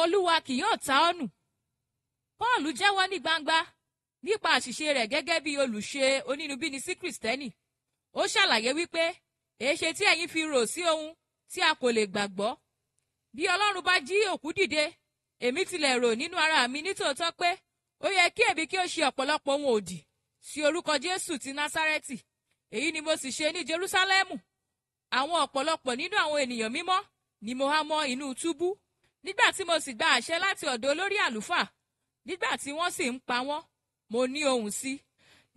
olúwa kì yóò ta ọ́ nù paul jẹ́wọ́ ní gbangba nípa àṣìṣe rẹ̀ gẹ́gẹ́ bí olùṣe onínúbíni sí kristẹni ó ṣàlàyé wípé èéṣe tí ẹ̀yin fi rò sí ohun tí a kò lè gbàgbọ́ bí ọlọ́run bá jí òkú dìde èmi tilẹ̀ rò nínú ara mi nítòótọ́ pé ó yẹ kí èmi kí ó ṣe ọ̀pọ̀lọpọ̀ ohun òdì sí orúkọ jésù ti násárẹ́tì èyí ni mo sì ṣe ní jerúsálẹ́mù àwọn ọ̀pọ̀lọpọ̀ nínú àwọn ènìyàn mímọ́ ni mo há mọ́ inú túbú nígbà tí mo sì gba àṣẹ láti ọ̀dọ̀ olórí àlùfáà nígbà tí wọ́n sì ń pa wọ́n mo ní ohùn sí i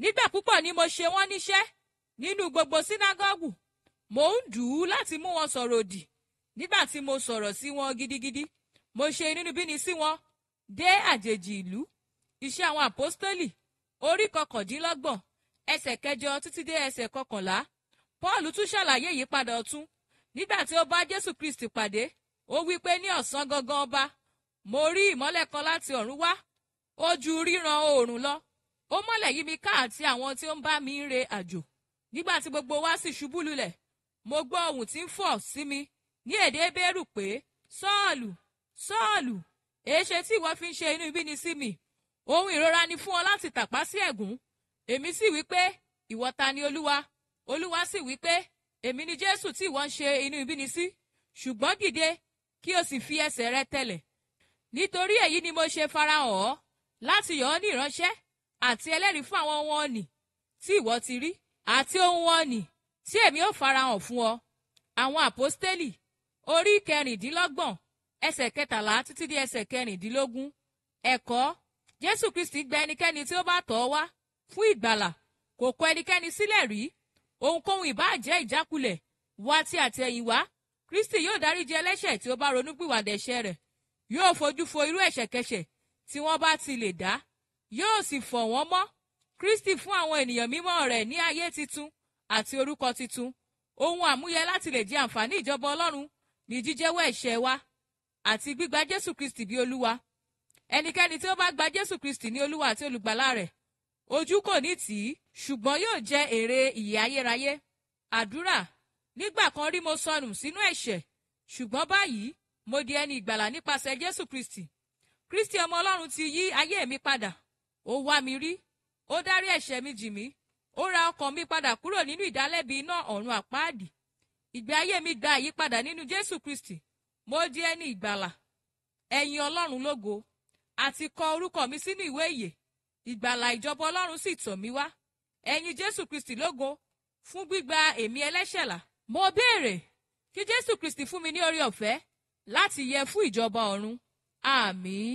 nígbà púpọ̀ ni mo ṣe wọ́n níṣẹ́ nínú gbogbo sínágọ́gù mo ń dùn ú láti mú wọn sọ̀rọ̀ òdì nígbà tí mo sọ̀rọ̀ sí wọn gidigidi mo ṣe inúnibíni sí wọn dé àjèjì ìlú iṣẹ́ àwọn àpọ́stélì orí kọkàndínlọ́gbọ̀n ẹsẹ̀ kẹjọ títí dé ẹsẹ̀ kọkànlá paul tún ṣàlàyé ìyípadà ọ̀tun nígbà tí ó bá jésù kristi pàdé ó wí pé ní ọ̀sán gangan ọba mo rí ìmọ́lẹ̀ kan láti ọ̀run wá ó ju ríran oòrùn lọ ó mọ́lẹ̀ yí mi ká àwọn tí ó ń bá mi re àjò nígbà tí gbogbo wa sì ṣubú lulẹ̀ mo gbọ́ ohùn tí ń fọ̀ sí mi ní èdè bẹ́rù pé sọ́ọ̀lù sọ́ọ̀lù èéṣe tí ìwọ fi ń ṣe inú ibi ni sí mi ohun ìrora ni fún ọ láti tàpá sí ẹ̀gún èmi sì wí pé ìwọ ta ni olúwa olúwa sì wí pé èmi ni jésù tí ìwọ ń ṣe inú ibi ni sí ṣùgbọ́n dìde kí o sì fi ẹsẹ̀ rẹ tẹ̀lẹ̀ nítorí èyí ni mo ṣe farahàn ọ́ láti yọ̀ ọ́ ní ìránṣẹ́ àti ẹlẹ́rìí fún àwọn ohun ọ̀nì tí ìwọ ti rí àti ohun ọ̀nì tí èmi ó farahàn fún ọ àwọn àpọ́stélì orí kẹrìndínlọ́gbọ̀n ẹsẹ̀ kẹtàlá títí di ẹsẹ̀ kẹrìndínlógún ẹ̀kọ́ jésù kristi gba ẹnikẹ́ni tí ó bá tọ̀ ọ́ wá fún ìgbàlà kò kọ ẹnikẹ́ni sílẹ̀ rí ohunkóhun ìbáà ìjákulẹ̀ wá tí àtẹ̀yìnwá Kristi yóò dáríji ẹlẹ́ṣẹ̀ tí ó bá ronúpìwàdà ẹ̀ṣẹ̀ rẹ̀ yóò fojú fo irú ẹ̀ṣẹ̀kẹ́ṣẹ̀ tí wọ́n bá ti lè dá yóò sì fọ̀ wọ́n mọ́ Kristi fún àwọn ènìyàn mímọ́ rẹ̀ ní ayé titun àti orúkọ titun ohun àmúyẹ láti lè jẹ àǹfààní ìjọba Ọlọ́run ní jíjẹ́wọ́ ẹ̀ṣẹ̀ wa àti gbígba Jésù Kristi bí Olúwa ẹnikẹ́ni tí ó bá gba Jésù Kristi ní Olúwa àti olùgbàlà rẹ̀ ojú kò ní tì í ṣùgbọ́n yóò jẹ èrè ìyè ayérayé àdúrà nígbà kan rí mo sọnù sínú ẹ̀ṣẹ̀ ṣùgbọ́n báyìí mo di ẹni ìgbàlà nípasẹ̀ jésù kristi kristi ọmọ ọlọ́run ti yí ayé mi padà ó wá mi rí ó dárí ẹ̀ṣẹ̀ mi jì mí ó ra ọkàn mi padà kúrò nínú ìdálẹ́bi iná ọ̀run àpáàdì ìgbé ayé mi gba àyípadà nínú jésù kristi mo di ẹni ìgbàlà ẹ̀yin ọlọ́run lógo àti kọ orúkọ mi sínú ìwé ìyè ìgbàlà ìjọba ọlọ́run sì tọ̀ mí wá ẹ̀yin jésù kristi lógo fún gbígbà èmi ẹlẹ́ṣẹ̀ mo béèrè kí jésù kristi fún mi ní orí ọ̀fẹ́ láti yẹ fún ìjọba ọ̀run àmín.